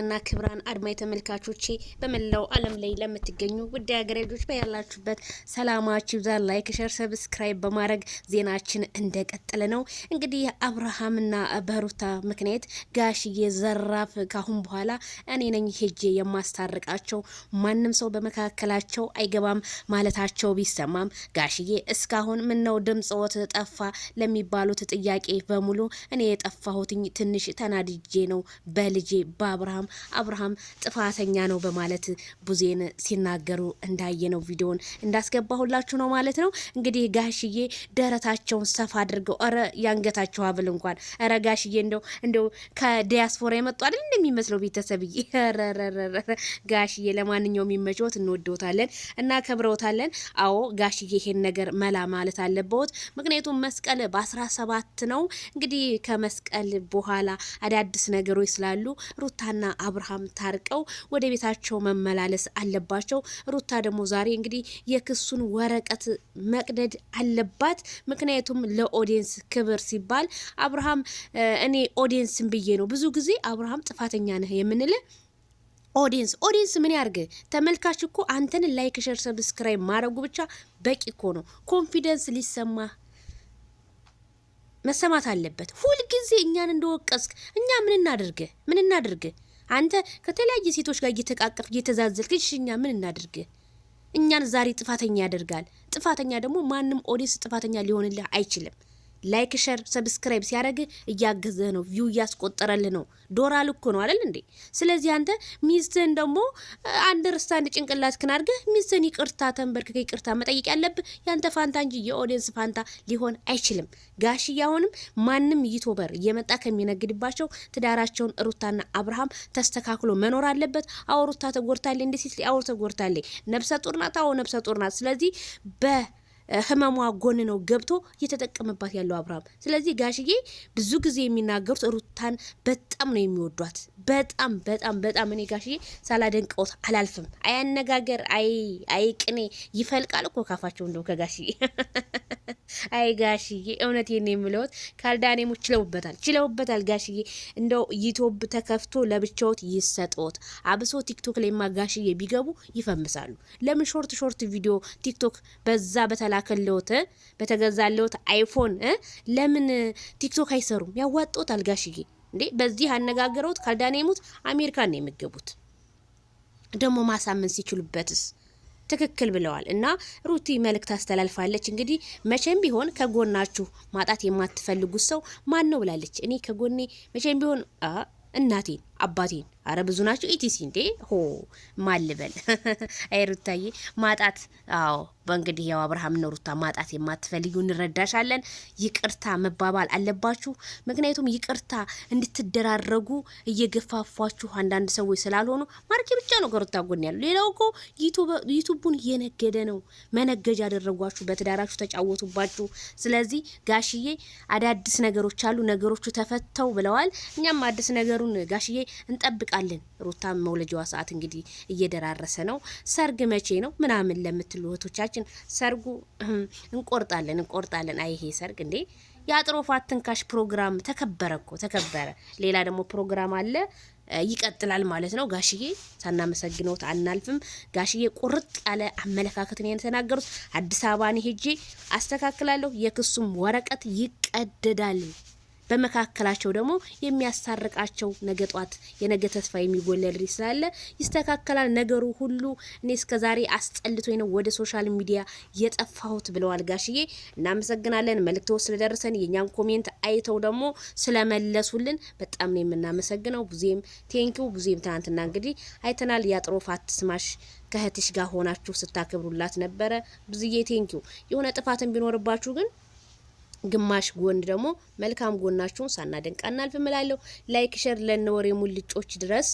እና ክብራን አድማ የተመልካቾቼ በመላው ዓለም ላይ ለምትገኙ ውድ ሀገሬ ልጆች በያላችሁበት ሰላማችሁ ይብዛ። ላይክ፣ ሸር፣ ሰብስክራይብ በማድረግ ዜናችን እንደቀጠለ ነው። እንግዲህ አብርሃምና በሩታ ምክንያት ጋሽዬ ዘራፍ ካሁን በኋላ እኔ ነኝ ሄጄ የማስታርቃቸው ማንም ሰው በመካከላቸው አይገባም ማለታቸው ቢሰማም ጋሽዬ እስካሁን ምነው ድምፅዎት ጠፋ ለሚባሉት ጥያቄ በሙሉ እኔ የጠፋሁትኝ ትንሽ ተናድጄ ነው በልጄ በአብርሃም አብርሃም ጥፋተኛ ነው በማለት ቡዜን ሲናገሩ እንዳየነው ቪዲዮን እንዳስገባሁላችሁ ነው ማለት ነው። እንግዲህ ጋሽዬ ደረታቸውን ሰፋ አድርገው ረ ያንገታቸው አብል እንኳን ረ ጋሽዬ እንደው እንደው ከዲያስፖራ የመጡ አይደል እንደሚመስለው ቤተሰብዬ ጋሽዬ። ለማንኛውም የሚመቸወት እንወደውታለን፣ ከብረውታለን። አዎ ጋሽዬ ይሄን ነገር መላ ማለት አለበት። ምክንያቱም መስቀል በአስራ ሰባት ነው እንግዲህ ከመስቀል በኋላ አዳዲስ ነገሮች ስላሉ ሩታና አብርሃም ታርቀው ወደ ቤታቸው መመላለስ አለባቸው። ሩታ ደግሞ ዛሬ እንግዲህ የክሱን ወረቀት መቅደድ አለባት። ምክንያቱም ለኦዲየንስ ክብር ሲባል አብርሃም እኔ ኦዲየንስን ብዬ ነው ብዙ ጊዜ አብርሃም ጥፋተኛ ነህ የምንል ኦዲንስ ኦዲንስ ምን ያርግ? ተመልካች እኮ አንተን ላይክ፣ ሸር፣ ሰብስክራይብ ማድረጉ ብቻ በቂ እኮ ነው። ኮንፊደንስ ሊሰማ መሰማት አለበት። ሁልጊዜ እኛን እንደወቀስክ እኛ ምን እናድርግ ምን እናድርግ አንተ ከተለያየ ሴቶች ጋር እየተቃቀፍ እየተዛዘልክ እሺ፣ እኛ ምን እናድርግ? እኛን ዛሬ ጥፋተኛ ያደርጋል። ጥፋተኛ ደግሞ ማንም ኦዲየንስ ጥፋተኛ ሊሆንልህ አይችልም። ላይክ ሸር ሰብስክራይብ ሲያደርግ እያገዘህ ነው፣ ቪው እያስቆጠረልህ ነው። ዶራ ልኮ ነው አይደል እንዴ? ስለዚህ አንተ ሚስትህን ደግሞ አንደርስታንድ ጭንቅላትህን አድርገህ ሚስትህን ይቅርታ ተንበርክከ ይቅርታ መጠየቅ ያለብህ ያንተ ፋንታ እንጂ የኦዲየንስ ፋንታ ሊሆን አይችልም። ጋሽ እያሁንም ማንም ዩቱበር እየመጣ ከሚነግድባቸው ትዳራቸውን ሩታና አብርሃም ተስተካክሎ መኖር አለበት። አዎ ሩታ ተጎድታለች፣ እንደ ሴት አዎ ተጎድታለች። ነብሰ ጡር ናት፣ አዎ ነብሰ ጡር ናት። ስለዚህ በ ህመሟ ጎን ነው ገብቶ እየተጠቀመባት ያለው አብርሃም። ስለዚህ ጋሽዬ ብዙ ጊዜ የሚናገሩት ሩታን በጣም ነው የሚወዷት። በጣም በጣም በጣም እኔ ጋሽዬ ሳላደንቀውት አላልፍም። አያነጋገር አይ አይ ቅኔ ይፈልቃል እኮ ካፋቸው እንደው ከጋሽዬ አይ ጋሽዬ እውነቴን ነው የምለውት፣ ካልዳኔሙ ችለውበታል ችለውበታል። ጋሽዬ እንደው ዩቲዩብ ተከፍቶ ለብቻዎት ይሰጠዎት። አብሶ ቲክቶክ ላይማ ጋሽዬ ቢገቡ ይፈምሳሉ። ለምን ሾርት ሾርት ቪዲዮ ቲክቶክ በዛ በተላከለውት በተገዛለውት አይፎን ለምን ቲክቶክ አይሰሩም? ያዋጣዎታል ጋሽዬ። እንዴ በዚህ አነጋገረዎት ካልዳኔሙት አሜሪካን ነው የሚገቡት። ደግሞ ማሳመን ሲችሉበትስ ትክክል ብለዋል እና ሩቲ መልእክት አስተላልፋለች። እንግዲህ መቼም ቢሆን ከጎናችሁ ማጣት የማትፈልጉት ሰው ማን ነው ብላለች። እኔ ከጎኔ መቼም ቢሆን እናቴን አባቴን አረ ብዙ ናቸው። ኢቲሲ እንዴ ሆ ማልበል አይሩታዬ ማጣት። አዎ በእንግዲህ ያው አብርሃም ነው ሩታ ማጣት የማትፈልጊው እንረዳሻለን። ይቅርታ መባባል አለባችሁ። ምክንያቱም ይቅርታ እንድትደራረጉ እየገፋፏችሁ አንዳንድ ሰዎች ስላልሆኑ ማርኬ ብቻ ነው ከሩታ ጎን ያሉ። ሌላው እኮ ዩቱቡን እየነገደ ነው። መነገጃ አደረጓችሁ፣ በትዳራችሁ ተጫወቱባችሁ። ስለዚህ ጋሽዬ አዳዲስ ነገሮች አሉ፣ ነገሮቹ ተፈተው ብለዋል። እኛም አዲስ ነገሩን ጋሽዬ እንጠብቃለን። ሩታ መውለጃዋ ሰዓት እንግዲህ እየደራረሰ ነው። ሰርግ መቼ ነው ምናምን ለምትሉ እህቶቻችን ሰርጉ እንቆርጣለን እንቆርጣለን። አይ ይሄ ሰርግ እንዴ የአጥሮ ትንካሽ ፕሮግራም ተከበረ እኮ ተከበረ። ሌላ ደግሞ ፕሮግራም አለ ይቀጥላል ማለት ነው። ጋሽዬ ሳናመሰግነውት አናልፍም። ጋሽዬ ቁርጥ ያለ አመለካከትን የተናገሩት አዲስ አበባን ሄጄ አስተካክላለሁ፣ የክሱም ወረቀት ይቀደዳል በመካከላቸው ደግሞ የሚያሳርቃቸው ነገ ጧት የነገ ተስፋ የሚጎለል ስላለ ይስተካከላል ነገሩ ሁሉ። እኔ እስከዛሬ አስጠልቶኝ ነው ወደ ሶሻል ሚዲያ የጠፋሁት ብለዋል ጋሽዬ። እናመሰግናለን መልእክቶ ስለደረሰን የእኛን ኮሜንት አይተው ደግሞ ስለመለሱልን በጣም ነው የምናመሰግነው። ብዙም ቴንኪው ብዙም ትናንትና እንግዲህ አይተናል ፋት ስማሽ ከእህትሽ ጋር ሆናችሁ ስታከብሩላት ነበረ። ብዙዬ ቴንኪው። የሆነ ጥፋትን ቢኖርባችሁ ግን ግማሽ ጎን ደግሞ መልካም ጎናችሁን ሳናደንቅ አናልፍ እላለሁ። ላይክ ሸር ለነወሬ ሙልጮች ድረስ